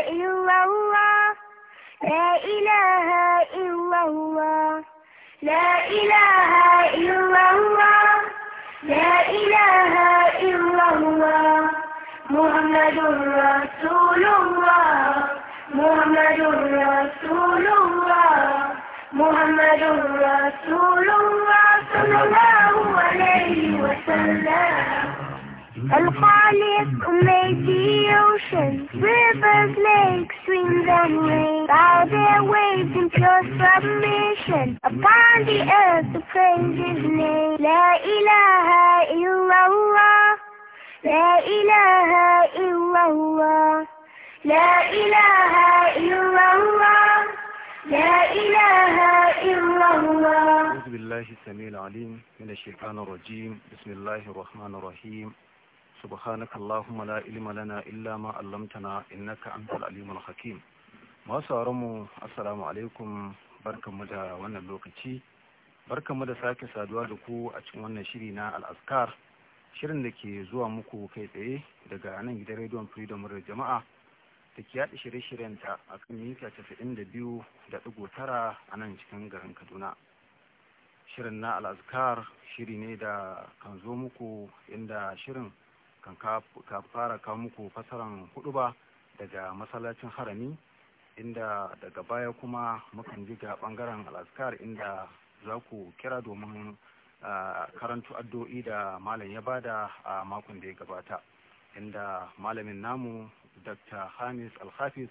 إلا الله لا إله إلا الله لا إله إلا الله لا إله إلا الله محمد رسول الله محمد رسول الله محمد رسول الله صلى الله عليه وسلم And falling made the ocean, rivers, lakes, streams, and rain. Bow their waves in pure submission. Upon the earth to praise His name. La ilaha illallah. La ilaha illallah. La ilaha illallah. لا إله إلا الله أعوذ بالله السميع العليم من الشيطان الرجيم بسم الله الرحمن الرحيم سبحانك اللهم لا علم لنا إلا ما علمتنا إنك أنت العليم الحكيم masu mu assalamu alaikum barkanmu da wannan lokaci barkanmu da sake saduwa da ku a cikin wannan shiri na al'askar shirin da ke zuwa muku kai tsaye daga anan gidan rediyon freedom radio jama'a da ke yaɗa shirye-shiryen ta a kan mita casa'in da biyu da ɗigo tara a nan cikin garin kaduna shirin na al'askar shiri ne da kan zo muku inda shirin kan fara kawo muku fasaran hudu ba daga masallacin harami inda daga baya kuma mukan ji ga bangaren alaskar inda za ku kira domin karantu addu'o'i da malam ya bada a makon da ya gabata inda malamin namu dr hamis alhafiz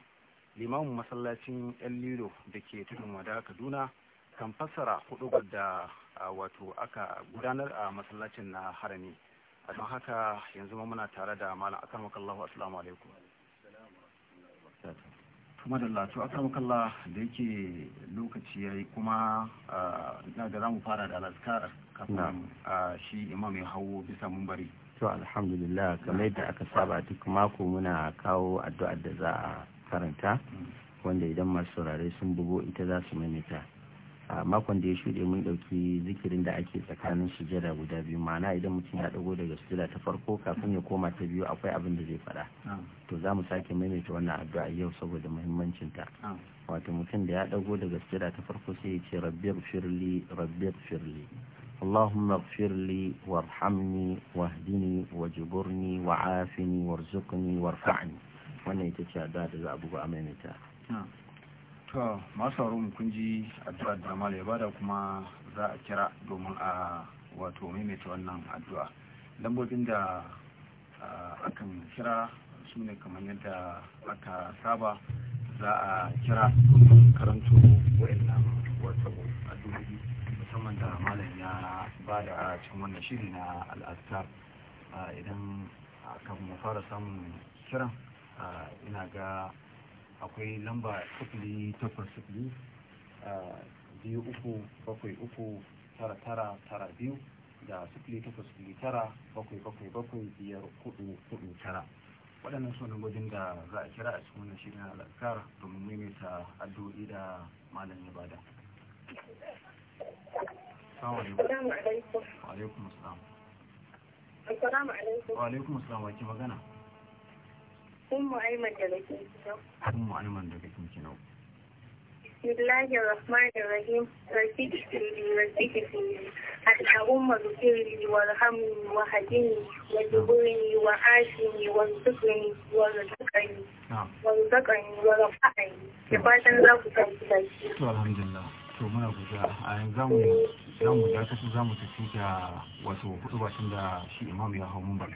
limamin masallacin yan lilo da ke tudun wada kaduna kan fasara hudu da wato aka gudanar a masallacin na harami don haka yanzu ma muna tare da malam akarmakallahu assalamu alaikum kuma da da yake lokaci ya yi kuma da za mu fara da alaskar kafin shi imam ya hawo bisa mumbari to alhamdulillah kamar da aka saba duk mako muna kawo addu'ar da za a karanta mm. wanda idan masu saurare sun bugo ita za su maimaita a makon da ya shuɗe mun ɗauki zikirin da ake tsakanin sujada guda biyu ma'ana idan mutum ya ɗago daga sujada ta farko kafin ya koma ta biyu akwai abin da zai faɗa to za mu sake maimaita wannan addu'a yau saboda muhimmancin ta wato mutum da ya ɗago daga sujada ta farko sai ya ce rabbi firli rabbi firli اللهم اغفر لي وارحمني واهدني وجبرني وعافني وارزقني وارفعني وانا يتشهد هذا ابو امانه to masu haro kun ji addu'a da mal ya bada kuma za a kira domin a wato maimaita wannan addu'a lambobin da akan kira su ne kamar yadda aka saba za a kira domin karanto wa'annan wato addu'o'i musamman da malam ya bada a cikin wannan shiri na al'adar idan akan mu fara samun kiran ina ga akwai lamba sufuri takwas a biyu uku bakwai uku tara tara tara biyu da sufuri takwas sufuri tara bakwai bakwai bakwai biyar hudu hudu tara waɗannan su lambobin da za a kira a cikin wannan shirin al'akar domin maimaita addu'o'i da malam ya bada. Assalamu alaikum. Wa alaikum assalam. Wa alaikum assalam wa magana? ummu aiman daga kinkinau ummu aiman daga kinkinau bismillahir rahmanir rahim rabbi ikfirli rabbi ikfirli اللهم اغفر لي وارحمني wa وجبرني وعافني وارزقني وارزقني وارزقني ورفعني كفاتا لا تكفي الحمد لله to muna guda a yanzu za mu za mu tafi da wato hudu da shi imam ya hau mun bari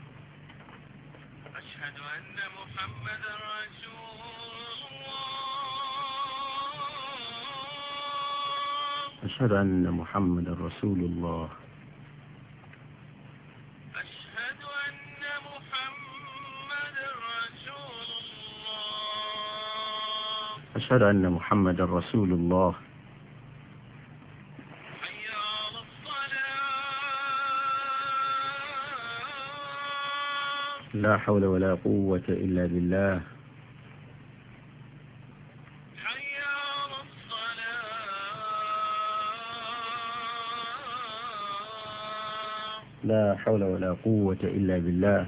أشهد أن محمد رسول الله أشهد أن محمد رسول الله أشهد أن محمد رسول الله لا حول ولا قوة إلا بالله لا حول ولا قوة إلا بالله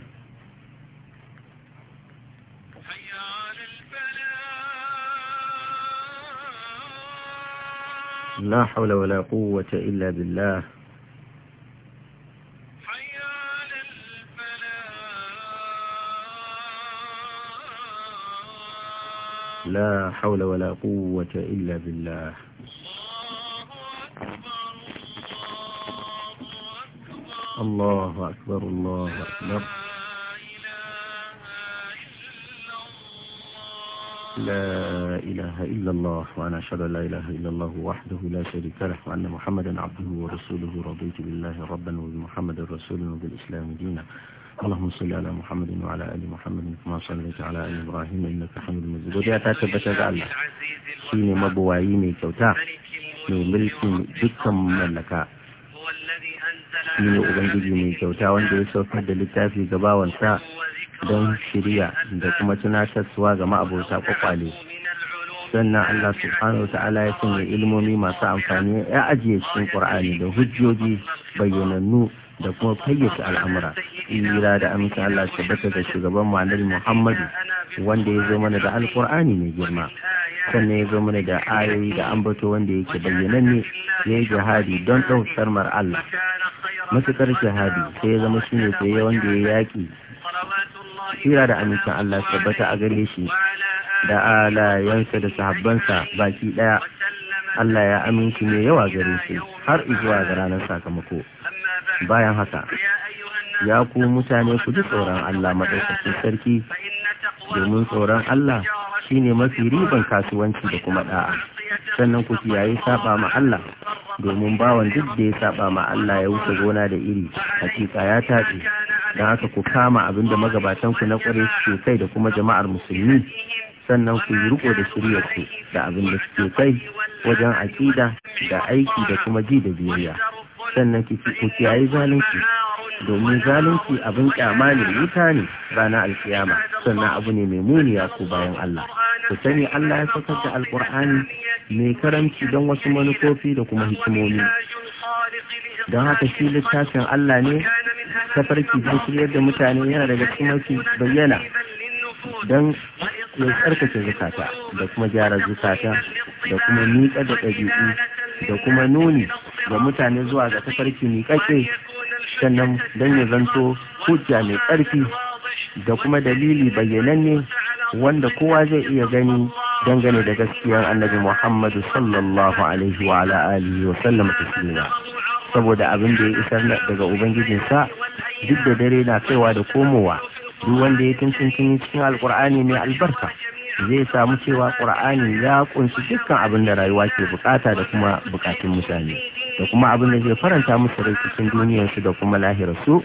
لا حول ولا قوة إلا بالله لا حول ولا قوة إلا بالله الله أكبر الله أكبر الله أكبر لا إله إلا الله وأنا أشهد أن لا إله إلا الله وحده لا شريك له وأن محمدا عبده ورسوله رضيت بالله ربا وبمحمد رسولا وبالإسلام دينا اللهم صل على محمد وعلى آل محمد كما صليت على آل إبراهيم إنك حميد مجيد ودي أتاك Allah shine mabuwayi مبوعيني كوتا mai mulkin dukkan shi ubangiji mai kyauta wanda ya saukar da littafi ga bawansa don shirya da kuma tunatarsuwa ga ma'abota kwakwale sannan Allah subhanahu ta'ala ya sanya ilmomi masu amfani ya ajiye cikin Qur'ani da hujjoji bayyanannu da kuma fayyace al'amura ira da aminta Allah tabbata da shugaban ma'anar Muhammadu wanda ya zo mana da alkur'ani mai girma sannan ya zo mana da ayoyi da ambato wanda yake bayyananne ya yi jihadi don ɗaukar Allah matuƙar shahadi sai ya zama shi ne sai wanda ya yaƙi Hira da amincin Allah tabbata a gare shi da alayensa da sahabbansa baki ɗaya Allah ya aminci mai yawa gare shi har zuwa ga ranar sakamako bayan haka ya ku mutane ku ji tsoron Allah maɗaukacin sarki domin tsoron Allah shine mafi riban kasuwanci da kuma ɗa'a sannan ku kiyaye saba ma Allah domin bawan duk da ya saba ma Allah ya wuce gona da iri hakika ya tafi don haka ku kama abin da magabatan ku na kware suke kai da kuma jama'ar musulmi sannan ku yi riko da shiryar ku da abin da suke kai wajen aƙida da aiki da kuma ji da biyayya sannan ku kiyaye zalunci domin zalunci abin kyama ne wuta ne ranar alkiyama sannan abu ne mai muniya ko bayan Allah ku sani Allah ya saukar da alkur'ani mai karamci don wasu manufofi da kuma hikimomi don haka shi littafin Allah ne tafarki don shirya da mutane yana daga cikin mafi bayyana don ya tsarkake zukata da kuma gyara zukata da kuma miƙa da ɗabi'u da kuma nuni ga mutane zuwa ga tafarki miƙaƙe sannan don ya zanto hujja mai ƙarfi da kuma dalili bayyananne wanda kowa zai iya gani dangane da gaskiyar annabi Muhammadu sallallahu alaihi wa ala alihi wa sallam taslima saboda abin da ya isar daga ubangijin sa duk da dare na kaiwa da komowa duk wanda ya tuntuntuni cikin alkur'ani mai albarka zai samu cewa qur'ani ya kunshi dukkan abin da rayuwa ke bukata da kuma bukatun mutane da kuma abin da zai faranta musu rai cikin su da kuma su.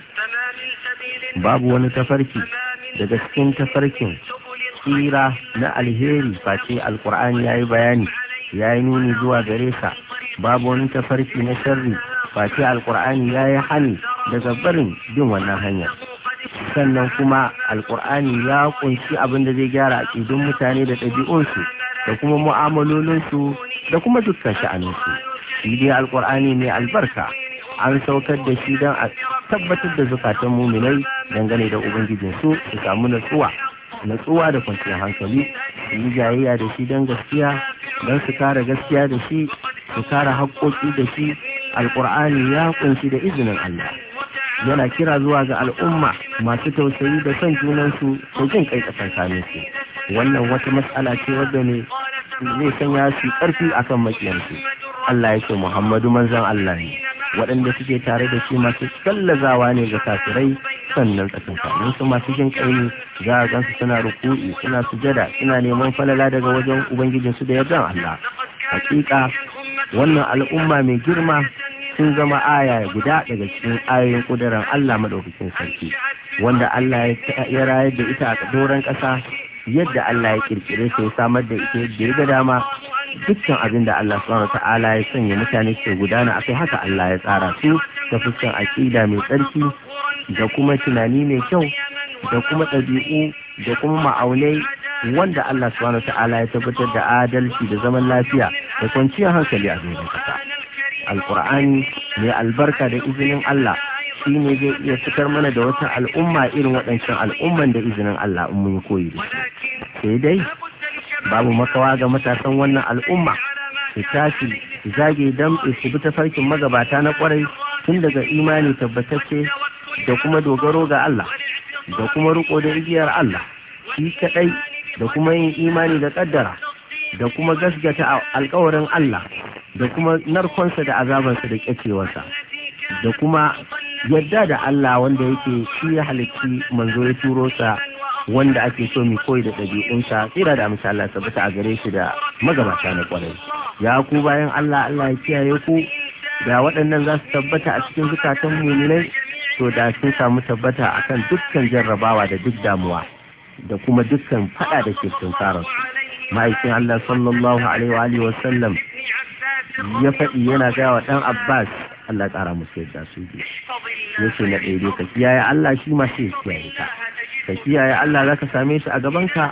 babu wani tafarki daga cikin tafarkin tsira na alheri face alkur'ani yayi bayani ya yi nuni zuwa gare sa babu wani tafarki na sharri face alkur'ani ya yi hani daga barin bin wannan hanya sannan kuma alkur'ani ya kunshi abin da zai gyara akidun mutane da ɗabi'unsu da kuma mu'amalolinsu da kuma dukkan sha'aninsu shi dai alkur'ani mai albarka an saukar da shi don a tabbatar da zukatan muminai dangane da ubangijinsu su samu nutsuwa. natsuwa da kwanciyar hankali su yi jayayya da shi don gaskiya don su kara gaskiya da shi su kara haƙƙoƙi da shi alƙur'ani ya kunshi da izinin Allah yana kira zuwa ga al'umma masu tausayi da son junansu ko jin kai su wannan wata mas'ala ce wadda ne zai sanya su ƙarfi akan makiyansu Allah yake Muhammadu manzan Allah ne waɗanda suke tare da shi masu kallazawa ne ga kafirai sannan tsakin tsakankanin su masu jin kai za a gansu suna ruku'i suna sujada suna neman falala daga wajen ubangijinsu da yardan Allah hakika wannan al'umma mai girma sun zama aya guda daga cikin ayoyin ƙudurin Allah madaukakin sarki wanda Allah ya rayar da ita a doron ƙasa yadda Allah ya kirkire su ya samar da ita yadda ya ga dama dukkan abin da Allah subhanahu ta'ala ya sanya mutane su gudana akai haka Allah ya tsara su da fuskan aqida mai tsarki da kuma tunani mai kyau da kuma ɗabi'u da kuma ma'aunai wanda Allah subhanahu ta'ala ya tabbatar da adalci da zaman lafiya da kwanciyar hankali a duniya kasa alqur'ani mai albarka da izinin Allah shi ne zai iya fitar mana da wata al'umma irin waɗancan al'umman da izinin Allah in mun koyi da su sai dai babu makawa ga matasan wannan al'umma su tashi su zage dan su bi farkin magabata na kwarai tun daga imani tabbatacce da kuma dogaro ga Allah da kuma riko da igiyar Allah shi kaɗai da kuma yin imani da ƙaddara da kuma gasgata alkawarin Allah da kuma narkonsa da azabansa da ƙyacewarsa da kuma yadda da Allah wanda yake shi ya halicci manzo ya turo sa wanda ake so mu koyi da ɗabi'unsa tsira da amsa Allah tabbata a gare shi da magabata na kwarai ya ku bayan Allah Allah ya kiyaye ku da waɗannan za su tabbata a cikin zukatan ne, to da sun samu tabbata akan dukkan jarrabawa da duk damuwa da kuma dukkan fada da ke tunkarar su ma'aikin Allah sallallahu alaihi wa Wasallam, ya faɗi yana gaya wa ɗan Abbas Allah ƙara musu yadda su biyu yace na ɗaya ka kiyaye Allah shi ma sai ya kiyaye ka ka kiyaye Allah za ka same shi a gabanka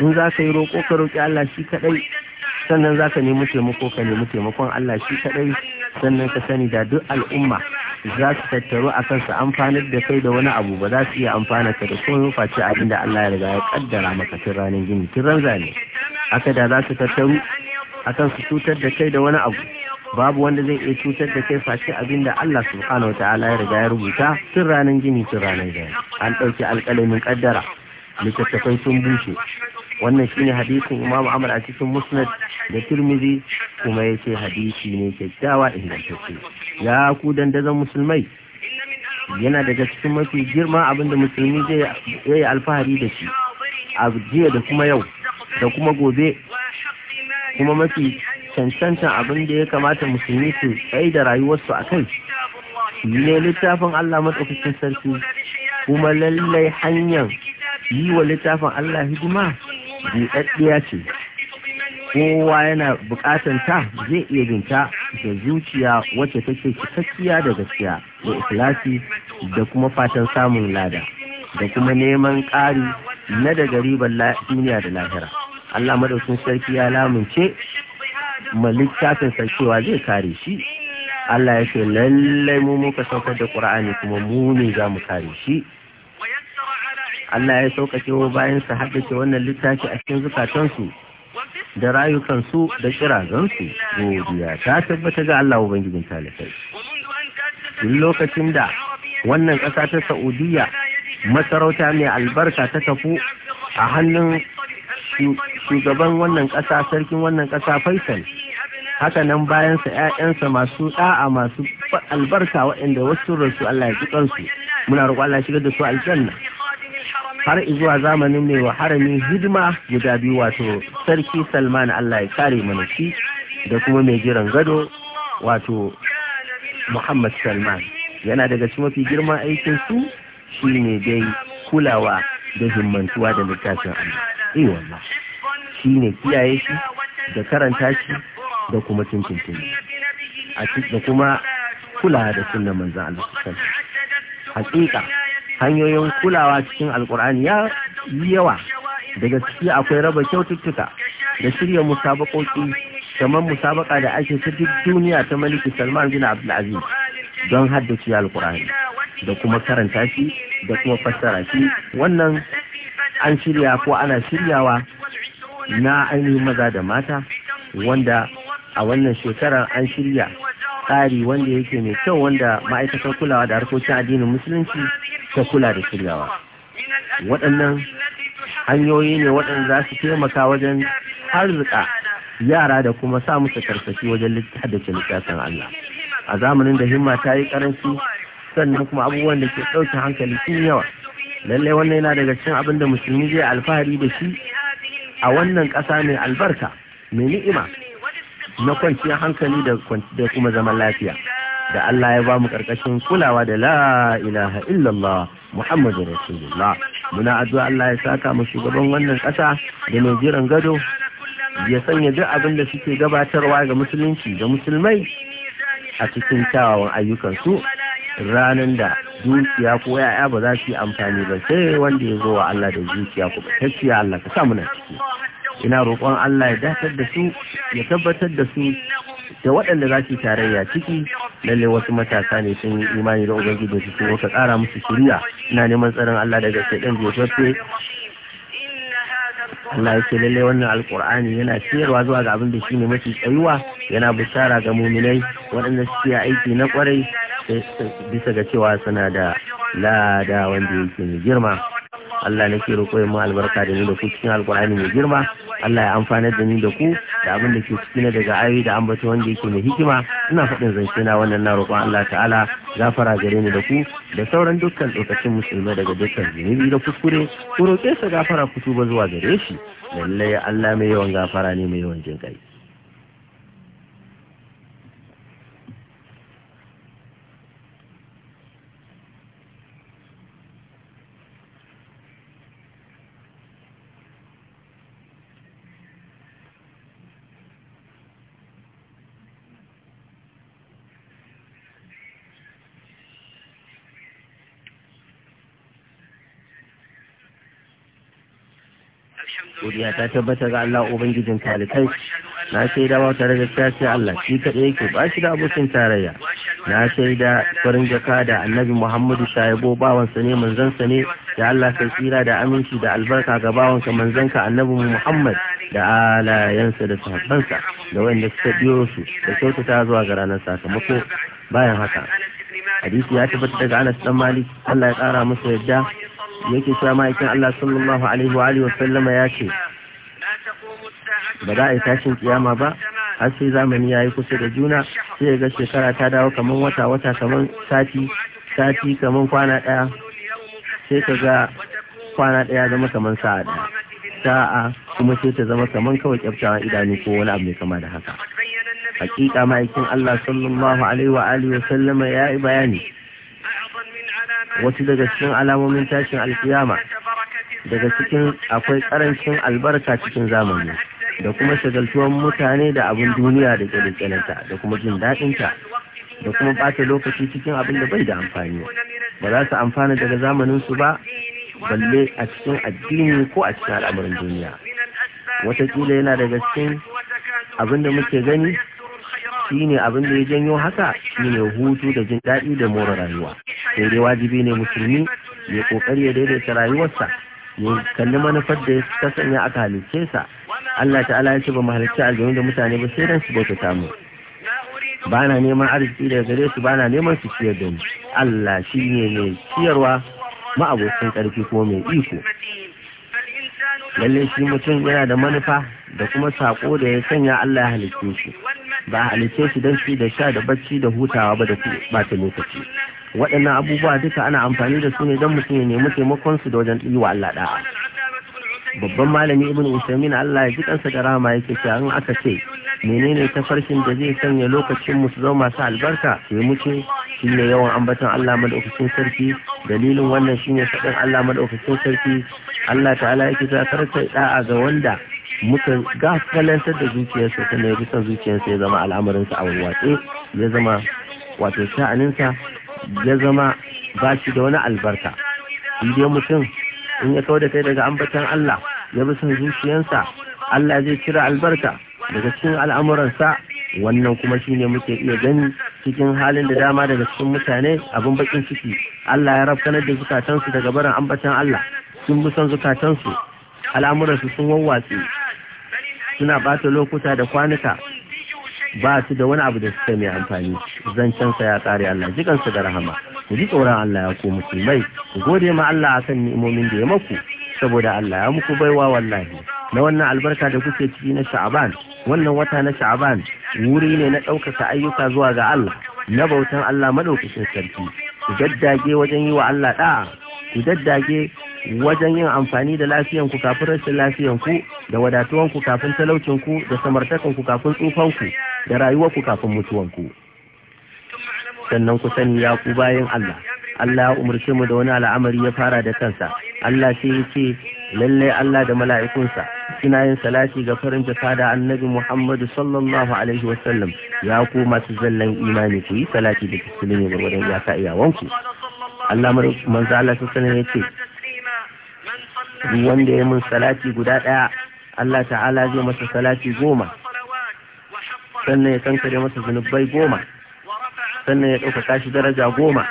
in za ka yi roƙo ka roƙi Allah shi kaɗai sannan za ka nemi taimako ka nemi taimakon Allah shi kaɗai sannan ka sani da duk al'umma za su tattaru a kansa amfanar da kai da wani abu ba za su iya amfana ka da komai face a inda Allah ya riga ya kaddara maka tun ranar gini tun ranza ne haka da za su tattaru a su cutar da kai da wani abu babu wanda zai iya cutar da kai face abin da Allah subhanahu wa ta'ala ya riga ya rubuta tun ranar gini tun ranar gani an ɗauki alƙalamin ƙaddara littattafai sun bushe wannan shine hadisin Imam Ahmad a cikin Musnad da turmizi kuma yake hadisi ne kyakkyawa ingantacce ya ku dandazon musulmai yana daga cikin mafi girma abinda musulmi zai yi alfahari da shi a jiya da kuma yau da kuma gobe kuma mafi cancanta abin da ya kamata musulmi su tsaye da rayuwarsu a kai ne littafin Allah matsaukakin sarki kuma lallai hanyar yi wa littafin Allah hidima buɗaɗɗiya ce kowa yana buƙatar ta zai iya binta da zuciya wacce take cikakkiya da gaskiya da ikilasi da kuma fatan samun lada da kuma neman ƙari na daga ribar duniya da lahira Allah madaukin sarki ya lamunce Malik ma littafinsa cewa zai kare shi Allah ya ce lallai mu muka saukar da Qur'ani kuma mu ne za mu kare shi Allah ya sauka cewa bayan bayansa haddace wannan littafi a cikin zukatansu da rayukansu da kirazansu godiya ta tabbata ga Allah Ubangijin talibai. Duk lokacin da wannan ƙasa ta Saudiya masarauta mai albarka ta tafu a hannun shugaban wannan ƙasa sarkin wannan ƙasa faisal haka sa bayansa 'ya'yansa masu ɗa'a masu albarka waɗanda wasu rasu Allah ya su muna roƙo Allah shigar da su aljanna har zuwa zamanin mai wa harami hidima guda biyu wato sarki salman Allah ya kare mana shi da kuma mai jiran gado wato muhammad salman yana daga cikin mafi girman aikin su shine dai kulawa da himmantuwa da littafin Allah. Iwallah. Eh, Shi ne kiyaye shi da karanta shi da kuma tuntuntun a da kuma kulawa da sunan manzan Allah hakika hanyoyin kulawa cikin alkur'ani ya yi yawa daga ciki akwai raba kyaututtuka da shirya musabakoki kamar musabaka da ake ta duniya ta maliki salman bin abdulaziz don haddace Al'ƙur'ani, da kuma karanta shi da kuma fassara shi wannan an shirya ko ana shiryawa na ainihin maza da mata wanda a wannan shekarar an shirya tsari wanda yake mai kyau wanda ma'aikatar kulawa da harkokin addinin musulunci ta kula da shiryawa waɗannan hanyoyi ne waɗanda za su taimaka wajen arzika yara da kuma sa musu karsashi wajen haddace littafin Allah a zamanin da himma ta yi karanci sannan kuma abubuwan da ke ɗauke hankali sun yawa lallai wannan yana daga cikin abin da musulmi zai alfahari da shi a wannan ƙasa mai albarka mai ni'ima na kwanciyar hankali da kuma zaman lafiya da Allah ya ba mu ƙarƙashin kulawa da la ilaha illallah Muhammadu Rasulullah muna addu'a Allah ya saka mu shugaban wannan ƙasa da mai jiran gado ya sanya duk abin da suke gabatarwa ga musulunci da musulmai a cikin kyawawan ayyukansu ranar da zuciya ko ya'ya ba za su yi amfani ba sai wanda ya zo wa Allah da zuciya ko tafiya Allah ka sa na ciki ina roƙon Allah ya dakatar da su ya tabbatar da su da waɗanda za su tarayya ciki lalle wasu matasa ne sun yi imani da ubangiji da su ka ƙara musu shiriya ina neman tsaron Allah daga shaidan biyu Allah ya lalle lallai wannan alkur'ani yana siyarwa zuwa ga abin da shi ne mafi tsayuwa yana bishara ga muminai waɗanda suke aiki na kwarai bisa ga cewa suna da lada wanda yake mai girma Allah nake roƙo mu albarka da ni da ku cikin alkur'ani mai girma Allah ya amfanar da ni da ku da abin da ke ciki daga ayoyi da ambaci wanda yake mai hikima ina faɗin zance na wannan na roƙon Allah ta'ala gafara gare ni da ku da sauran dukkan tsokacin musulmai daga dukkan zunubi da kuskure ku roƙe sa gafara kutuba zuwa gare shi lallai Allah mai yawan gafara ne mai yawan jin ya ta tabbatar ga Allah ubangijin talikai na shaida ba tare da tashi Allah shi kaɗai yake ba shi da abokin tarayya na shaida farin jaka da annabi Muhammadu shaibo bawansa ne manzansa ne da Allah ka tsira da aminci da albarka ga bawanka manzanka annabi Muhammad da alayansa da sahabbansa da wanda suka biyo su da kyautata zuwa ga ranar sakamako bayan haka hadisi ya tabbata daga Anas dan Malik Allah ya kara masa yadda yake cewa ma'aikin Allah sallallahu alaihi wa alihi wa sallama ya ce ba za a yi tashin kiyama ba har sai zamani ya yi kusa da juna sai ya ga shekara ta dawo kamar wata wata kamar sati sati kamar kwana ɗaya sai ka ga kwana ɗaya zama kamar sa'a ɗaya sa'a kuma sai ta zama kamar kawai kyaftawa idanu ko wani abu mai kama da haka hakika ma'aikin Allah sallallahu alaihi wa alihi sallama ya yi bayani wasu daga cikin alamomin tashin alkiyama daga cikin akwai karancin albarka cikin zamani da kuma shagaltuwar mutane da abin duniya da kyalekyalinta da kuma jin daɗinta da kuma ɓata lokaci cikin abin da bai da amfani ba za su amfana daga zamaninsu ba balle a cikin addini ko a cikin al'amarin duniya watakila yana daga cikin abin da muke gani shine abin da ya janyo haka shine hutu da jin daɗi da more rayuwa sai dai wajibi ne musulmi ya ƙoƙari ya daidaita rayuwarsa ya kalli manufar da ta sanya aka halicce sa Allah ta'ala ya ce ba mu halicci aljanu da mutane ba sai dan su bauta mu ba na neman arziki daga gare su ba na neman su ciyar da ni Allah shi ne mai ciyarwa ma'abokin karfi ko mai iko lallai shi mutum yana da manufa da kuma sako da ya sanya Allah ya halicce shi ba halicce shi don shi da sha da bacci da hutawa ba da ba ta lokaci waɗannan abubuwa duka ana amfani da su ne don mutum ya nemi taimakon su da wajen yi wa Allah da'a babban malami ibn usaimin Allah ya ji kansa da rama yake cewa in aka ce menene tafarkin da zai sanya lokacin mu su zama masu albarka sai mu ce shine yawan ambaton Allah madaukakin sarki dalilin wannan shine faɗin Allah madaukakin sarki Allah ta'ala yake cewa karka da'a ga wanda muka kalantar da zuciyarsa kuma ya bi zuciyarsa ya zama al'amarinsa a wace ya zama wato sha'aninsa ya zama ba shi da wani albarka idan mutum in ya kawo da kai daga ambatan Allah ya bi son zuciyansa Allah zai cire albarka daga cikin al'amuransa wannan kuma shine muke iya gani cikin halin da dama daga cikin mutane abin bakin ciki Allah ya rafkanar da zukatansu daga barin ambatan Allah sun bi son zukatansu al'amuransu sun wawwatsi suna bata lokuta da kwanuka ba su da wani abu da suka mai amfani zancensa ya tsare Allah jikansu da rahama ku ji tsoron Allah ya ku musulmai ku gode ma Allah akan ni'imomin da ya maku saboda Allah ya muku baiwa wallahi na wannan albarka da kuke ciki na sha'aban wannan wata na sha'aban wuri ne na ɗaukaka ayyuka zuwa ga Allah na bautan Allah maɗaukacin sarki ku gaddage wajen yi wa Allah ɗa'a ku daddage wajen yin amfani da lafiyan ku kafin rashin lafiyan ku da wadatuwan ku kafin talaucin ku da samartakan ku kafin tsufan ku da rayuwar ku kafin mutuwan ku sannan ku sani ya ku bayan Allah Allah ya umarce mu da wani al'amari ya fara da kansa Allah sai ya ce lallai Allah da mala'ikunsa suna yin salati ga farin jaka da annabi Muhammadu sallallahu alaihi wasallam ya ku masu zallan imani ku yi salati da musulmi gwargwadon yaka iyawanku Allah manzo Allah ta sanar ya ce wanda ya mun salati guda ɗaya Allah ta'ala zai masa salati goma sannan ya kankare masa zunubai goma sannan ya ɗaukaka shi daraja goma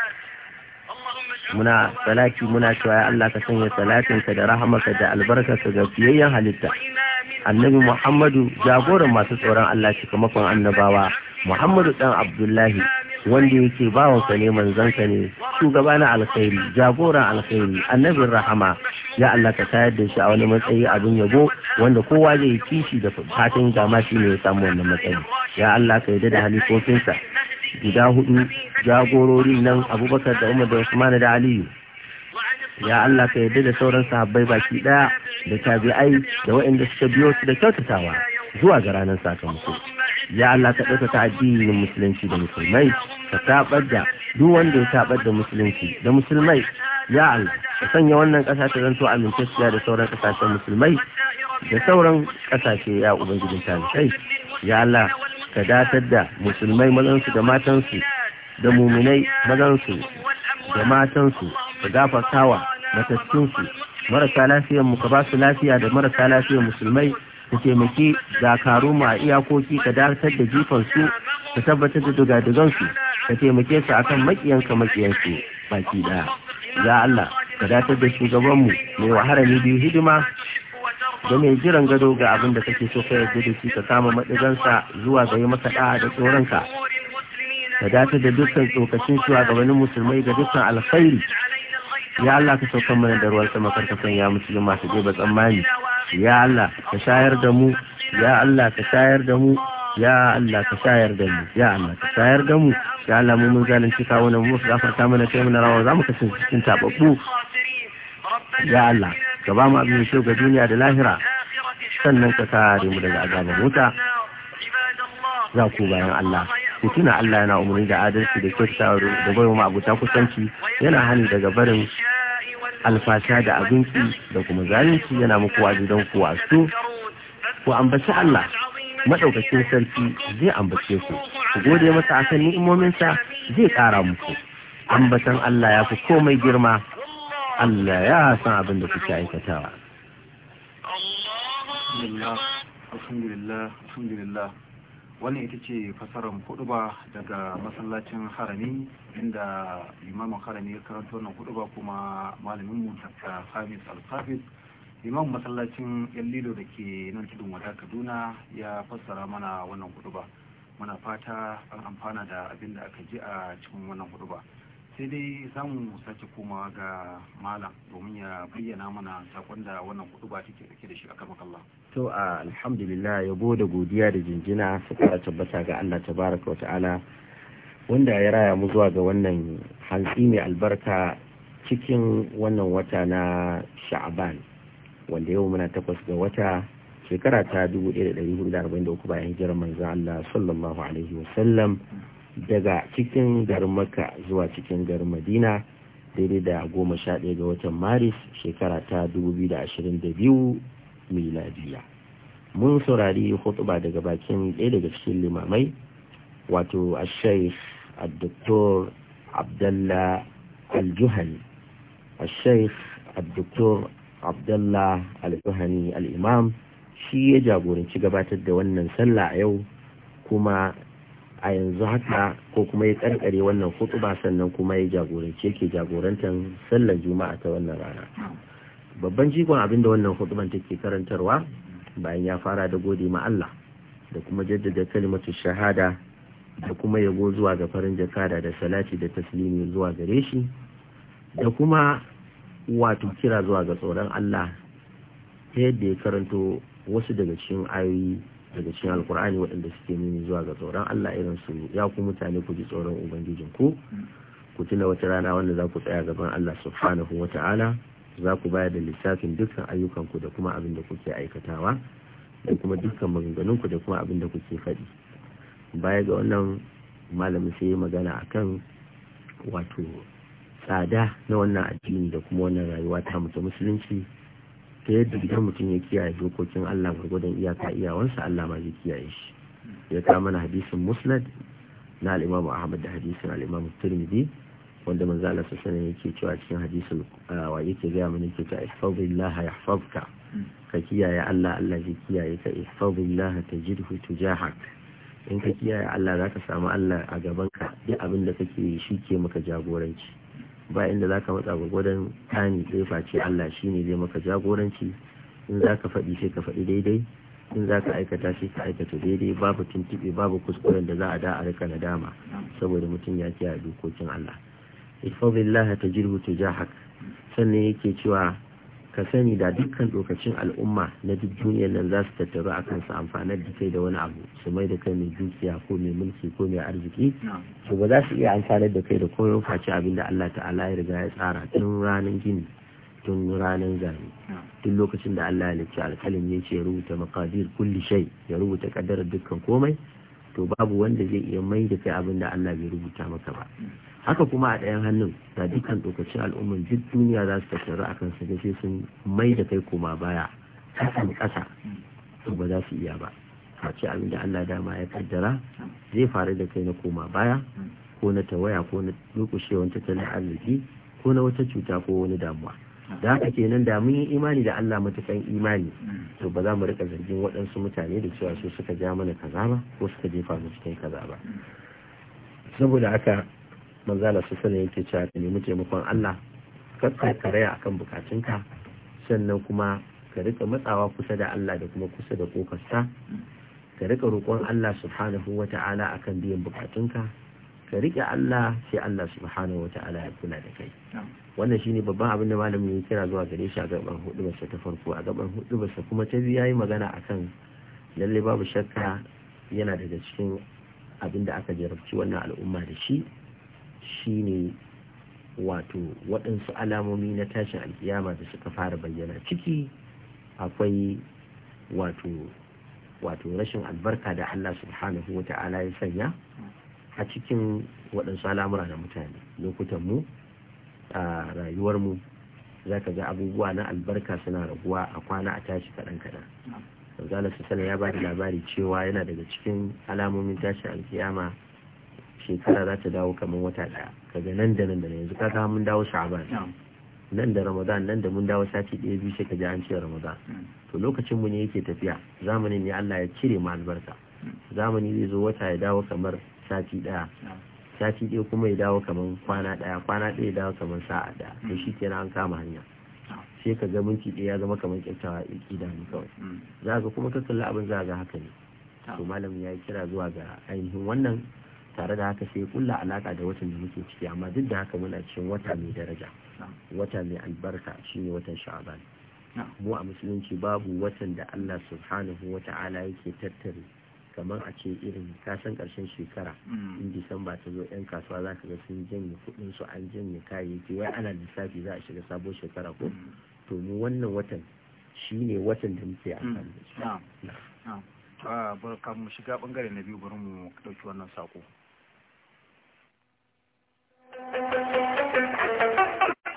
muna salati muna cewa ya Allah ka sanya salatinka da rahamarka da albarkarka ga fiyayyen halitta annabi Muhammadu jagoran masu tsoron Allah kamakon annabawa Muhammadu dan Abdullahi wanda yake bawansa ne manzansa ne shugaba na alkhairi jagoran alkhairi annabin rahama ya Allah ka tayar da shi a wani matsayi abin yabo wanda kowa zai kishi da fatan gama shi ne ya samu wannan matsayi ya Allah ka yarda da halifofinsa guda hudu jagororin nan abubakar da umar da usman da aliyu ya Allah ka yarda da sauran sahabbai baki daya da tabi'ai da waɗanda suka biyo su da kyautatawa zuwa ga ranar sakamako ya Allah ka ɗaukaka addinin musulunci da musulmai ka tabar da duk wanda ya tabar da musulunci da musulmai ya Allah ka sanya wannan ƙasa ta zanto amintacciya da sauran ƙasashen musulmai da sauran ƙasashe ya ubangijin talibai ya Allah ka datar da musulmai mazansu da matansu da muminai mazansu da matansu ka matattun matattunsu marasa lafiyar mu ka ba su lafiya da marasa lafiyar musulmai ka taimaki zakaru ma iyakoki ka dakatar da jifan su ka tabbatar da dugadugan ka taimake su akan makiyanka su baki daya Za Allah ka datar da shugabanmu mai ne biyu hidima da mai jiran gado ga abin da kake so ka yarda da shi ka kama madigansa zuwa ga yi masa da tsoronka ka datar da dukkan tsokacin shugabannin musulmai ga dukkan alkhairi ya Allah ka sauka mana da ruwan sama karkasan ya musulun masu jeba tsammani ya Allah ka shayar da mu ya Allah ka shayar da mu ya Allah ka shayar da mu ya Allah ka shayar da mu ya Allah mu mun zalunci cika wani mu gafarta mana kai mana rawa za mu kasance cikin tababbu ya Allah ka ba mu abin da ga duniya da lahira sannan ka kare mu daga azabar wuta za ku bayan Allah ku tuna Allah yana umarni da adalci da kyautawa da gwaiwa mu abuta kusanci yana hani daga barin alfasa da abinci da kuma zalunci yana muku wa'azi don ku wasu ku ambaci Allah madaukakin sarki zai ambace ku ku gode masa akan sa zai ƙara muku ambatan Allah ya fi komai girma Allah ya san abin da kuke aikatawa Alhamdulillah, Alhamdulillah, Alhamdulillah. wannan ita ce fasarar kuduba daga masallacin harami inda limamin harami ya karanta wannan kuduba kuma malamin mu dr hamis al masallacin yan lilo da ke nan tudun wata kaduna ya fassara mana wannan kuduba muna fata an amfana da abin da aka ji a cikin wannan kuduba sai dai za sake komawa ga malam domin ya bayyana mana sakon da wannan kudu ba take dauke da shi a kama Allah. To a alhamdulillah yabo da godiya da jinjina su kara tabbata ga Allah tabaraka wa ta'ala wanda ya raya mu zuwa ga wannan hantsi mai albarka cikin wannan wata na sha'aban wanda yau muna takwas ga wata shekara ta 1443 bayan hijirar manzo Allah sallallahu alaihi wa sallam daga cikin garin makka zuwa cikin garin madina daidai da goma sha ɗaya ga watan maris shekara ta 2022 miladiya mun saurari hutuba daga bakin ɗaya daga cikin limamai wato ashaif addoktor abdallah aljuhani ashaif addoktor abdallah aljuhani al'imam shi ya jagoranci gabatar da wannan sallah a yau kuma a yanzu haka ko kuma ya karkare wannan hutuba sannan kuma ya jagorance ke jagorantar sallar juma'a ta wannan rana babban jigon abinda wannan hutuban take karantarwa bayan ya fara da gode ma Allah da kuma jaddada kalimatu shahada da kuma yabo zuwa ga farin jakada da salati da taslimi zuwa gare shi da kuma wato kira zuwa ga tsoron Allah ta yadda ya karanto wasu daga cikin ayoyi daga cikin alkur'ani waɗanda suke nuni zuwa ga tsoron Allah irin su ya ku mutane ku ji tsoron ubangijin ku ku tuna wata rana wanda za ku tsaya gaban Allah subhanahu wa ta'ala za ku bayar da lissafin dukkan ayyukanku da kuma abin da kuke aikatawa da kuma dukkan maganganunku da kuma abin da kuke faɗi baya ga wannan malamin sai magana akan wato tsada na wannan addini da kuma wannan rayuwa ta mutu musulunci ta yadda idan mutum ya kiyaye dokokin Allah gwargwadon iyaka iyawansa Allah ma zai kiyaye shi ya kama mana hadisin musnad na al'imamu ahmad da hadisin al'imamu turmidi wanda manzo Allah sa sanin yake cewa cikin hadisin wa yake gaya mana yake ta ihfazillah yahfazka ka kiyaye Allah Allah zai kiyaye ka ihfazillah tajidhu tujahak in ka kiyaye Allah zaka samu Allah a gaban ka duk abin da kake shi ke maka jagoranci ba inda za ka matsa gwagwadon tani tsaye face Allah shi ne zai maka jagoranci in za ka faɗi sai ka faɗi daidai in za ka aikata sai ka aikata daidai babu tuntuɓe babu kuskuren da za a da a rika nadama saboda mutum ya kiyaye dokokin Allah ihfazillah tajirhu tujahak sannan yake cewa ka sani da dukkan lokacin al'umma na duk duniya nan za su tattaru a kansu amfanar da kai da wani abu su mai da kai mai dukiya ko mai mulki ko mai arziki to ba za su iya amfanar da kai da koyon face abin da Allah ta'ala ya riga ya tsara tun ranar gini tun ranar zane tun lokacin da Allah ya ce alkalin ya ce rubuta makadir kulli shai ya rubuta kadarar dukkan komai to babu wanda zai iya mai da kai abin da Allah bai rubuta maka ba haka kuma a ɗayan hannun da dukkan ɗaukacin al'ummar duk duniya za su tattara a kan sai sun mai da kai koma baya kasan ƙasa to ba za su iya ba a ce abin da Allah dama ya kaddara zai faru da kai na koma baya ko na tawaya ko na wani tattalin arziki ko na wata cuta ko wani damuwa da haka kenan da mun yi imani da Allah matakan imani to ba za mu rika zargin waɗansu mutane da cewa su suka ja mana kaza ba ko suka jefa mu cikin kaza ba saboda haka manzala su sanin yake cewa ka nemi taimakon Allah ka karaya akan bukatunka sannan kuma ka rika matsawa kusa da Allah da kuma kusa da kokarsa ka rika roƙon Allah subhanahu wa ta'ala akan biyan bukatunka ka rike Allah sai Allah subhanahu wa ta'ala ya kula da kai wannan shine babban abin da malamin ya kira zuwa gare shi a gaban huɗubarsa ta farko a gaban huɗubarsa kuma ta biya yi magana akan lalle babu shakka yana daga cikin abin da aka jarabci wannan al'umma da shi shine wato waɗansu alamomi na tashin alkiyama da suka fara bayyana ciki akwai wato wato rashin albarka da Allah subhanahu wa ta'ala ya sanya a cikin waɗansu al'amura na mutane lokutan mu a rayuwar mu za ka ga abubuwa na albarka suna raguwa a kwana a tashi kaɗan kaɗan Manzala sana ya ba da labari cewa yana daga cikin alamomin tashin alkiyama shekara za ta dawo kamar wata ɗaya kaga nan da nan da yanzu ka ta mun dawo sha'aban nan da ramadan nan da mun dawo sati ɗaya biyu sai ka ji an ce ramadan mm. to lokacin mu ne yake tafiya Zamani ne Allah ya cire mu albarka mm. zamani zai zo wata ya dawo kamar sati ɗaya sati ɗaya kuma ya dawo kamar kwana ɗaya kwana ɗaya ya dawo kamar sa'a ɗaya mm. to shi kenan an kama hanya sai ka ga minti ɗaya ya zama kamar kyautawa ikida ne kawai za ga kuma ka abin za ga haka ne to malam ya yi kira zuwa ga ainihin wannan tare da haka sai kulla alaka da watan da muke ciki amma duk da haka muna cikin wata mai daraja wata mai albarka shine watan sha'aban mu a musulunci babu watan da Allah subhanahu wata'ala yake tattare kamar a ce irin kasan karshen shekara mm. in disamba ta zo yan kasuwa za ka ga sun janye kudin su an janye kayayyaki wai ana lissafi za a shiga sabon shekara ko mm. to mu wannan watan shine watan da muke mm. amfani da shi ah, barka mu shiga bangare na biyu bari mu dauki wannan sako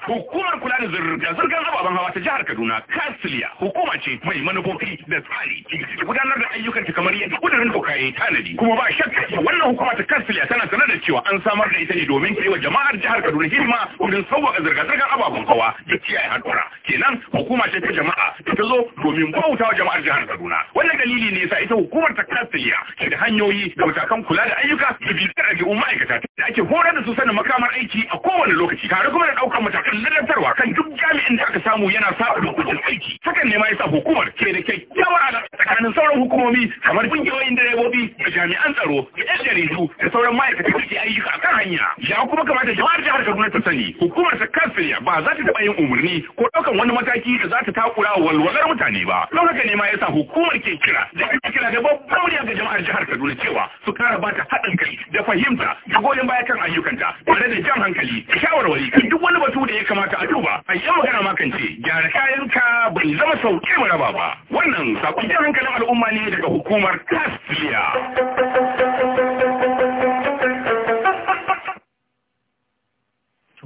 Hukumar kula da zirga-zirgar ababen hawa ta jihar Kaduna, Kasiliya, hukuma ce mai manufofi da tsari, da gudanar da ayyukanta kamar yadda kudurin doka ya tanadi. Kuma ba shakka wannan hukuma ta Kasiliya tana sanar da cewa an samar da ita ne domin kai wa jama'ar jihar Kaduna hidima wurin sauwaka zirga-zirgar ababen hawa da kiyaye haɗura. Kenan hukuma ce ta jama'a da ta zo domin wa jama'ar jihar Kaduna. Wannan dalili ne yasa ita hukumar ta Kasiliya ke da hanyoyi da matakan kula da ayyuka da bibiyar ɗabi'un ma'aikata da ake horar da su sanin makamar aiki a kowane lokaci tare kuma da ɗaukar matakan ɗaukar ladatarwa kan duk jami'in da aka samu yana sa a dokokin aiki hakan ne ma yasa hukumar ke da kyakkyawar alaƙa tsakanin sauran hukumomi kamar kungiyoyin direbobi da jami'an tsaro da yan jaridu da sauran ma'aikatan da ke ayyuka a kan hanya ya kuma kamata jama'ar jihar Kaduna ta sani hukumar ta kansa ba za ta taɓa yin umarni ko ɗaukan wani mataki da za ta takura walwalar mutane ba don haka ne ma yasa hukumar ke kira da ake kira da babban murya ga jama'ar jihar Kaduna cewa su kara ta haɗin kai da fahimta da goyon baya kan ayyukanta tare da jan hankali da shawarwari kan duk wani batu da ya ya kamata a duba a yi magana ce gyara kayanka bai zama sauki mu raba ba wannan sakon jan hankalin al'umma ne daga hukumar Castilla.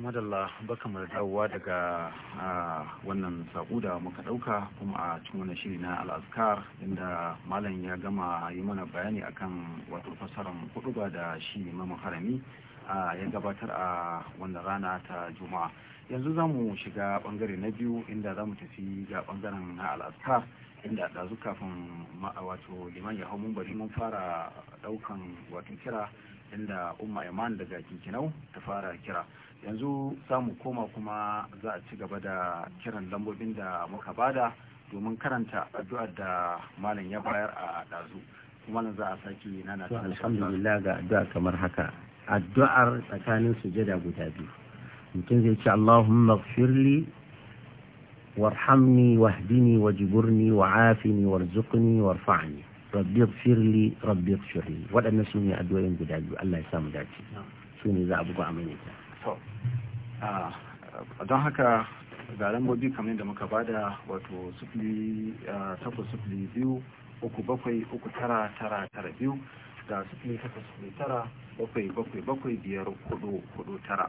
madalla baka mu dawowa daga wannan saƙo da muka ɗauka kuma a cikin wannan shiri na al'azkar inda malam ya gama yi mana bayani akan wato fasaran hudu da shi limamin harami ya gabatar a wannan rana ta juma'a yanzu za mu shiga bangare na biyu inda za mu tafi ga bangaren na al'askar inda ɗazu kafin wato liman ya hau mun mun fara ɗaukan wato kira inda umma iman daga kinkinau ta fara kira yanzu za mu koma kuma za a ci gaba da kiran lambobin da muka bada domin karanta addu'ar da malam ya bayar a ɗazu kuma nan za a sake nana alhamdulillah ga addu'a kamar haka addu'ar tsakanin sujada guda biyu mutum zai ce Allahumma firli warhamni wahdini wajiburni zukuni warzuqni fa'ani rabbi firli rabbi firli waɗannan su ne addu'o'in guda biyu Allah ya sa mu dace su ne za a a amana ta don haka ga lambobi kamar da muka bada wato sufli takwas sufli biyu uku bakwai uku tara tara tara biyu ga sufli takwas sufuli tara bakwai bakwai bakwai biyar hudu hudu tara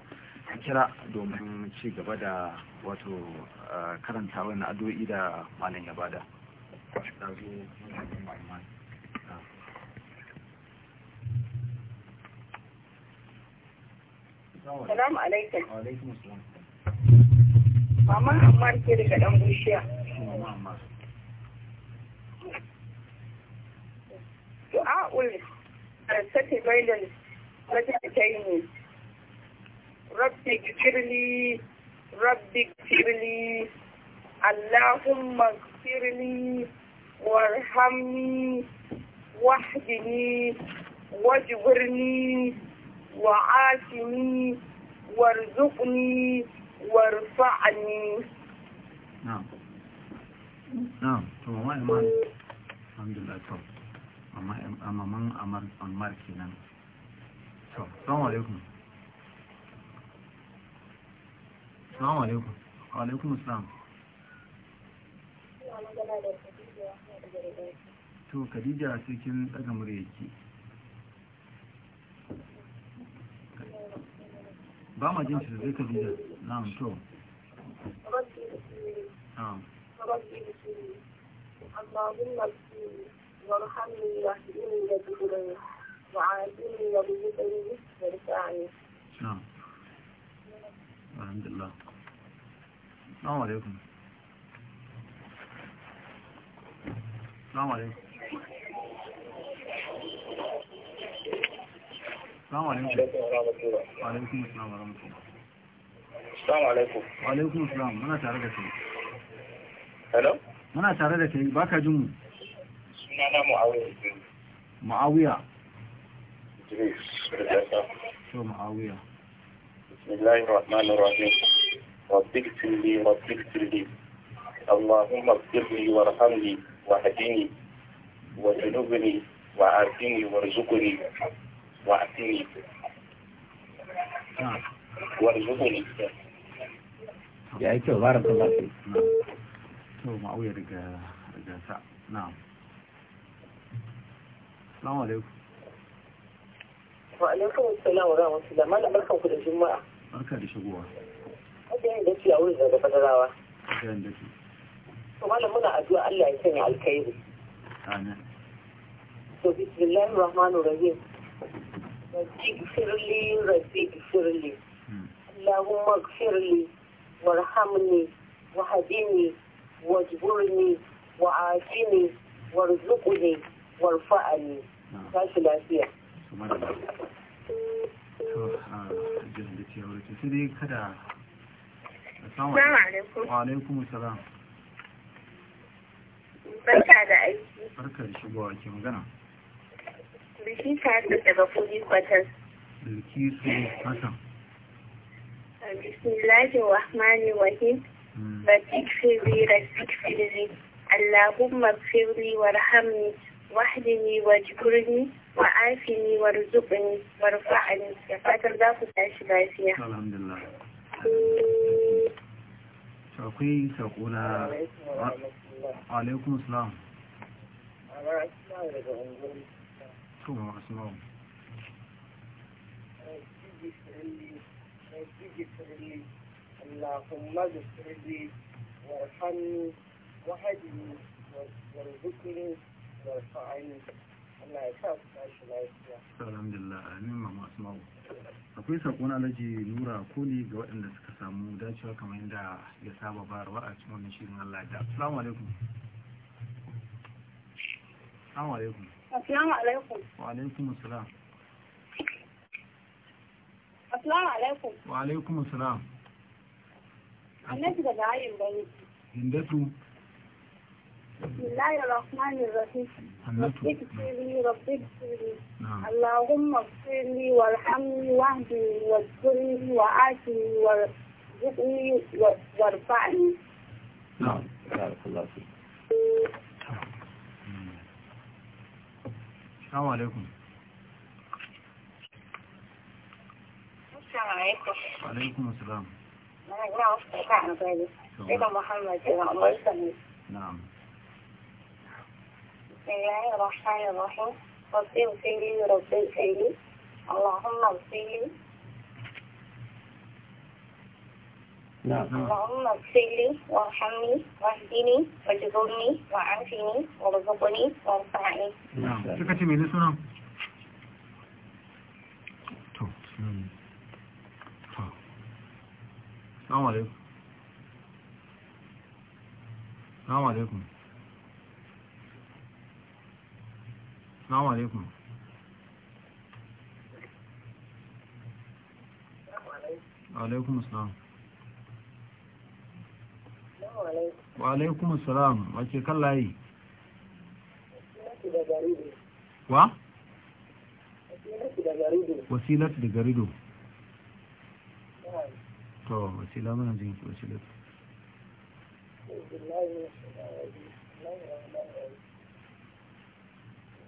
ka kira domin ci gaba da wato karanta wani addu'o'i da malam ya bada Salamu alaikum. alaikum salam. Mama Ammar ke daga ɗan bushiya. Mama Ammar. Du'a'ul Sati Bailal yake kifirli rabbi kifirli allahumma kifirli warhamni wahdini wajibirni wa'afini warzuqni warfa'ni na'am Assalamu alaikum. Wa alaikum assalam. To Khadija sai daga muryarki. Ba ma jin shi zai Khadija. Na'am to. Na'am. اللهم اغفرني وارحمني واهدني وجبرني وعافني وبجبرني وارفعني. نعم. الحمد لله. Assalamu alaikum. alaikum. alaikum. alaikum alaikum. alaikum Muna tare da kai. Hello? Muna tare da kai, baka jin Muawiya. رب اغفر لي رب اغفر لي اللهم اغفر لي وارحمني واهدني وجنبني وعافني وارزقني واعطني وارزقني يا ايتو بارك الله فيك نعم معوية رجاء رجاء نعم السلام عليكم وعليكم السلام ورحمة الله ما لا بركة كل الجمعة بركة لشبوها Hajjayin da ke a wurin daga fadarawa. To malam muna addu'a Allah ya sanya alkhairi. Amin. To bismillahir rahmanir rahim. Rabbi firli rabbi firli. Hmm. Allahumma firli warhamni wahdini wajburni wa'afini warzuqni warfa'ni. Hmm. Tashi lafiya. To, a ah, jihar da ke wurin sai dai kada Wa alaikum salam. Barka da aiki. Barka da shigowa ke magana. Bilkisu Hassan daga Kudi Kwatar. Bilkisu Hassan. Bismillahir Rahmanir Rahim. Batik hmm. fili rasik fili. Allahumma firli warhamni wahdini wajburni wa'afini warzuqni warfa'ni. Da fatar za ku tashi lafiya. Alhamdulillah. Hmm. akwai السلام na alaikun islam اللهم اغفر لي وارحمني وهدني وارزقني وارفعني alhamdulillah amin mama asma'u akwai sakon alaji nura koli ga waɗanda suka samu dacewa kamar yadda ya saba bayarwa a cikin wannan shirin Allah da assalamu alaikum assalamu alaikum assalamu alaikum wa alaikum assalam assalamu alaikum wa alaikum assalam annabi daga ayin bane hindatu بسم الله الرحمن الرحيم رب اغفر لي رب اغفر لي اللهم اغفر لي وارحمني واهدني واذكرني وآتني وارزقني وارفعني نعم بارك الله فيك السلام عليكم السلام عليكم وعليكم السلام نعم نعم محمد نعم Bismillahirrahmanirrahim. Rabbil fili, Rabbil fili. Allahumma fili. اللهم اغفر لي وارحمني واهدني واجبرني وعافني وارزقني وارفعني. نعم. شكرا جميل. السلام عليكم السلام عليكم Assalamu alaikum. Alaikum assalam. Wa alaikum assalam. Wace kan layi? Wa? Wasilatu da garido. To, wasila mana jinki wasilatu. Bismillahirrahmanirrahim.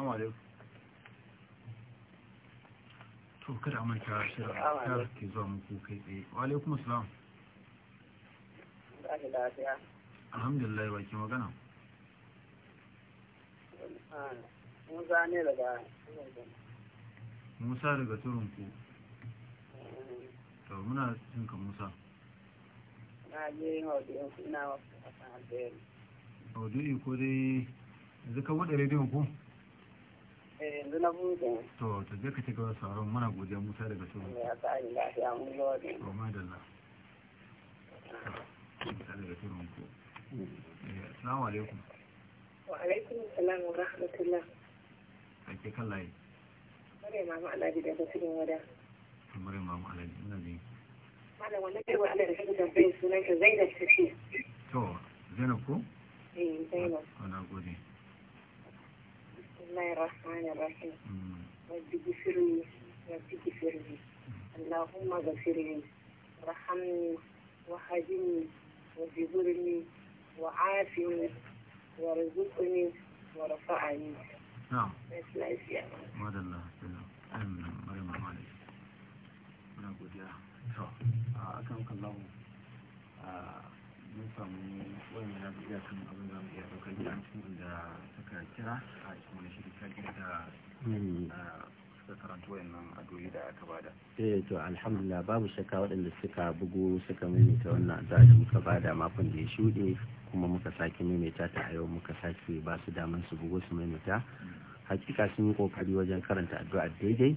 Assalamu alaikum. To kada a manta shi ke zuwa muku kai tsaye. Wa alaikum Alhamdulillah magana. Musa ne daga Musa daga turinku. To muna Musa. Na je ko dai zaka rediyon ku? Eh, yanzu na buɗe to to je ka ci gaba sauran muna godiya musa daga su ya sa eh, assalamu alaikum wa alaikum assalam wa rahmatullah ake kan layi mare mamu alaji daga cikin wada mare mama alaji ina ji malam wannan kai wa alaji da kake tambayin sunan ka zainab ce to zainab ko eh zainab ana ah, gode الله الرحمن الرحيم رب اغفر لي رب اغفر لي اللهم اغفر لي وارحمني وهدني وجبرني وعافني وارزقني ورفعني نعم madalla amin maryam amali muna godiya to akan kallon samu wani na iya kan abin da iya daukar da cikin da suka kira a cikin wani shirka hmm. da suka karanta wayannan addu'o'i da aka bada eh to alhamdulillah babu shakka waɗanda suka bugu suka maimaita wannan addu'a da muka bada makon da ya shuɗe kuma muka sake maimaita ta a yau muka sake ba su daman su bugo su maimaita hmm. hakika sun yi kokari wajen karanta addu'a daidai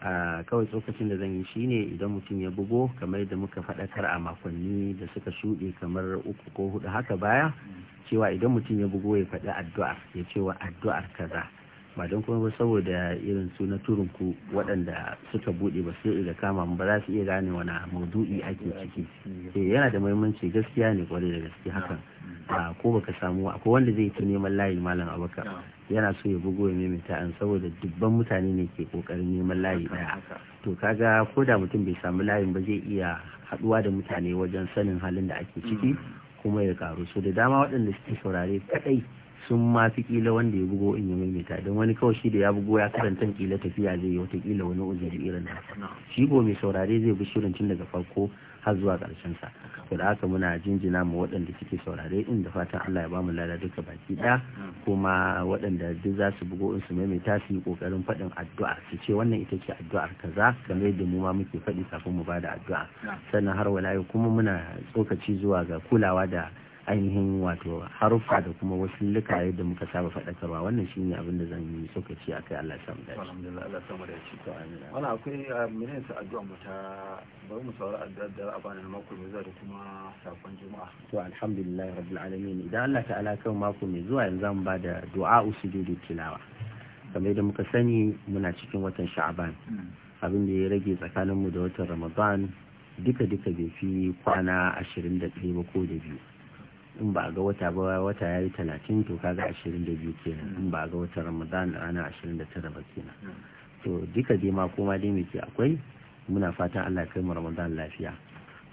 a kawai tsokacin da zan yi shine idan mutum ya bugo kamar da muka faɗakar a makonni da suka shuɗe kamar uku ko hudu haka baya cewa idan mutum ya bugo ya faɗi addu'a ya cewa addu'ar kaza ba don kuma ba saboda irin su na turunku waɗanda suka buɗe ba su da kama ba za su iya gane wana maudu'i ake ciki eh, yana da mahimmanci gaskiya ne kwarai da gaske hakan ko baka samu akwai wanda zai ta neman layi malam abakar yana so ya bugo ya maimaita an saboda dubban mutane ne ke kokarin neman layi daya to kaga ko da mutum bai samu layin ba zai iya haduwa da mutane wajen sanin halin da ake ciki mm. kuma ya karu so da dama waɗanda suke saurare kadai sun ma fi kila wanda ya bugo in ya maimaita don wani kawai shi da ya bugo ya karanta kila tafiya zai yi wata kila wani uzuri irin da shi go mai saurare zai bi shirin tun daga farko har zuwa karshen sa to da haka muna jinjina mu waɗanda suke saurare in da fatan Allah ya bamu lada duka baki ɗaya kuma waɗanda duk za su bugo in su maimaita su yi kokarin faɗin addu'a su ce wannan ita ce addu'ar kaza kamar yadda mu ma muke faɗi kafin mu bada addu'a sannan har wala kuma muna tsokaci zuwa ga kulawa da ainihin wato haruffa da kuma wasu luka yadda muka saba faɗakarwa wannan shine abin da zan yi sokaci a kai Allah samu dace alhamdulillah Allah samu dace wannan akwai ah, menene sa addu'a mu ta bari mu da addu'a da a bana mako mai zuwa da kuma sakon juma'a to alhamdulillah rabbil alamin idan Allah ta'ala kan mako mai zuwa yanzu mu bada du'a usujudi tilawa kamar da muka sani muna cikin watan sha'aban hmm. abin da ya rage tsakaninmu da watan ramadan duka-duka bai fi kwana ɗaya ba ko da biyu in ba ga wata ba wata ya yi talatin to kaga ashirin da biyu kenan in ba ga wata ramadan ranar ashirin da tara ba kenan to duka dai ma koma dai mai ke akwai muna fatan allah kai mu ramadan lafiya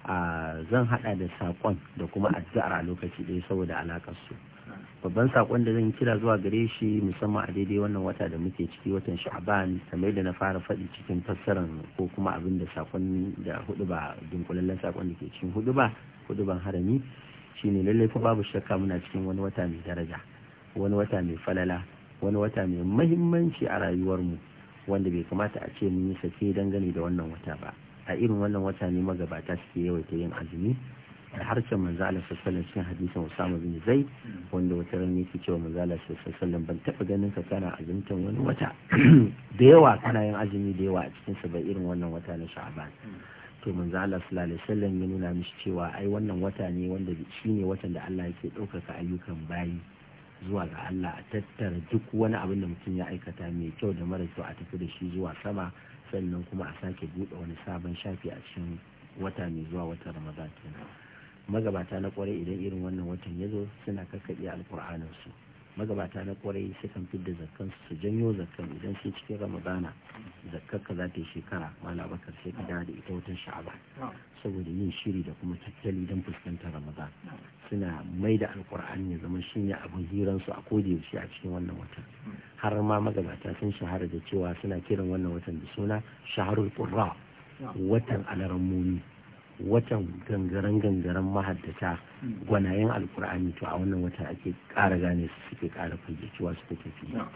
a zan hada da sakon da kuma addu'ar a lokaci ɗaya saboda alakar su babban sakon da zan kira zuwa gare shi musamman a daidai wannan wata da muke ciki watan sha'ban kamar da na fara faɗi cikin fassarar ko kuma abin da sakon da hudu ba dunkulallen sakon da ke cikin hudu ba hudu ban harami ne lallai fa babu shakka muna cikin wani wata mai daraja wani wata mai falala wani wata mai mahimmanci a rayuwarmu wanda bai kamata a ce mun yi sake dangane da wannan wata ba a irin wannan wata ne magabata suke yawaita yin azumi da harshen manzo Allah cikin hadisin Usama bin Zaid wanda wata ran yake cewa manzo Allah sallallahu ban taba ganin ka kana azumtan wani wata da yawa kana yin azumi da yawa a cikin sa ba irin wannan wata na Sha'ban to manzo Allah sallallahu alaihi wasallam ya nuna mishi cewa ai wannan wata ne wanda shi ne watan da Allah yake ɗaukaka ayyukan bayi zuwa ga Allah a tattara duk wani abin da mutum ya aikata mai kyau da mara kyau a tafi da shi zuwa sama sannan kuma a sake buɗe wani sabon shafi a cikin wata mai zuwa wata Ramadan kenan magabata na kwarai idan irin wannan watan ya zo suna kakkaɓe alƙur'aninsu su magabata na kwarai sukan fidda zakkan su janyo zakkan idan sai cikin ramadana zakkar ka za ta yi shekara mana bakar sai ka da ita watan sha'aba saboda yin shiri da kuma tattali don fuskantar ramadan suna mai da alkur'ani ya zama shi ne abin hiransu a yaushe a cikin wannan watan har ma magabata sun shahara da cewa suna kiran wannan watan da suna shaharul qurra watan alaramuni watan gangaren gangaren mahaddata gwanayen alkur'ani to a wannan wata ake ƙara gane su suke ƙara fayyacewa suke tafiya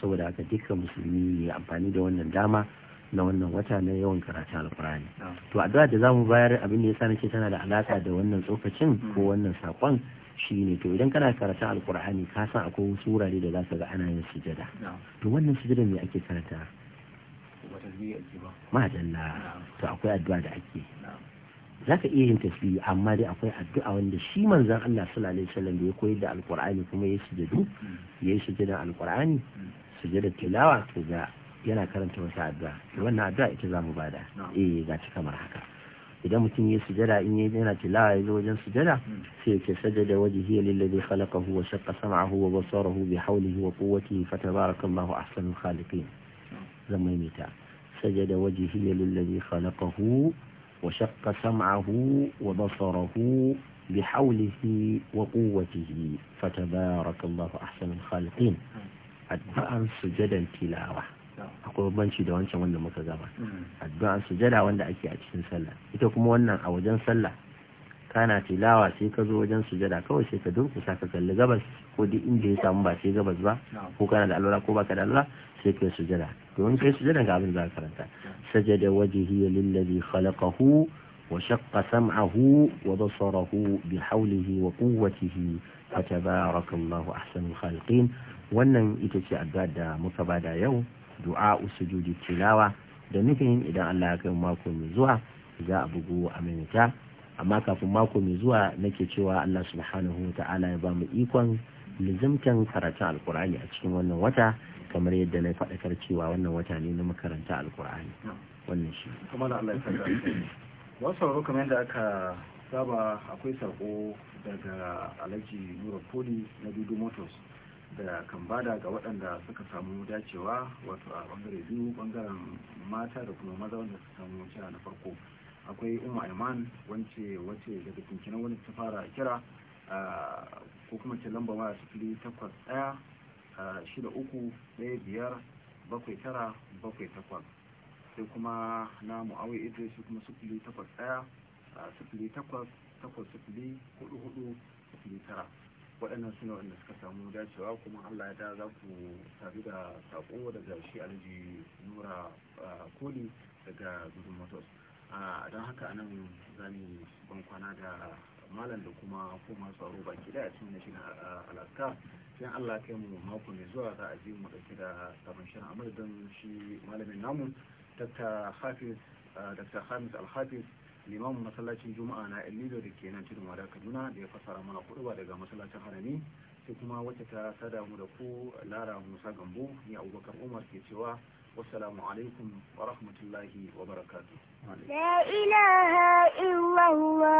saboda haka duka musulmi ne amfani da wannan dama na wannan wata na yawan karatun alkur'ani to addu'a da zamu bayar abin da yasa ce tana da alaka da wannan tsokacin mm. ko wannan sakon shine to idan kana karatun alkur'ani ka san akwai wasu wurare da zaka ga ana yin sujada to wannan sujada me ake karanta madalla to akwai addu'a da ake za ka iya yin tasbihi amma dai akwai addu'a wanda shi manzan Allah sallallahu alaihi wasallam da ya koyar da alqur'ani kuma ya sujudu ya yi sujudan alqur'ani sujudar tilawa to ga yana karanta wata addu'a wannan addu'a ita zamu bada eh ga ci kamar haka idan mutum ya sujada in yi yana tilawa ya zo wajen sujada sai ya ce sajada wajhiya lillazi khalaqahu wa shaqqa sam'ahu wa basarahu bi hawlihi wa quwwatihi fatabarakallahu ahsanul khaliqin zan maimaita sajada wajhiya lillazi khalaqahu وشق سمعه وبصره بحوله وقوته فتبارك الله أحسن الخالقين addu'an sujadan tilawa akwai banci da wancan wanda muka gaba addu'an sujada wanda ake a cikin sallah ita kuma wannan a wajen sallah kana tilawa sai ka zo wajen sujada kawai sai ka durkusa ka kalli gabas ko duk inda ya samu ba sai gabas ba ko kana da alwala ko ka da alwala sai kai sujada domin kai sujada ga abin za ka karanta sajada wajhi lillazi khalaqahu wa shaqqa sam'ahu wa basarahu bi hawlihi wa quwwatihi fatabarakallahu ahsanul khaliqin wannan ita ce addu'a da muka bada yau du'a usujudi tilawa da nufin idan Allah ya kai mako mai zuwa za a bugu a maimaita amma kafin mako mai zuwa nake cewa Allah subhanahu wa ta'ala ya bamu ikon lizimtan karatun alkur'ani a cikin wannan wata kamar yadda na faɗakar cewa wannan wata ne na makaranta alkur'ani wannan shi kuma da Allah ya saka wasu sauraro kamar yadda aka saba akwai sako daga alhaji nura poli na dudu motors da kan bada ga waɗanda suka samu dacewa wato a bangare biyu bangaren mata da kuma maza wanda suka samu cewa na farko akwai umma aiman wance wace daga kinkinan wani ta fara kira ko kuma ce lamba ma sifili takwas ɗaya shida uku ɗaya biyar bakwai tara bakwai takwas sai kuma na mu'awai idris kuma sifili takwas ɗaya sifili takwas takwas sifili hudu hudu sifili tara waɗannan su ne wanda suka samu dacewa kuma allah ya da za ku sadu da saƙo daga shi alhaji nura koli daga gudun motors don haka anan zami ban kwana da malam da kuma kuma tsaro baki daya cikin na shirin alaska sai allah kai mu mako mai zuwa za a ji mu dauke da sabon shirin a don shi malamin namu dr hafiz dr hamis alhafiz limamin masallacin juma'a na elido da ke nan tudun wada kaduna da ya fasara mana kurwa daga masallacin harami sai kuma wacce ta sada mu da ku lara musa gambo ni abubakar umar ke cewa والسلام عليكم ورحمة الله وبركاته لا إله إلا الله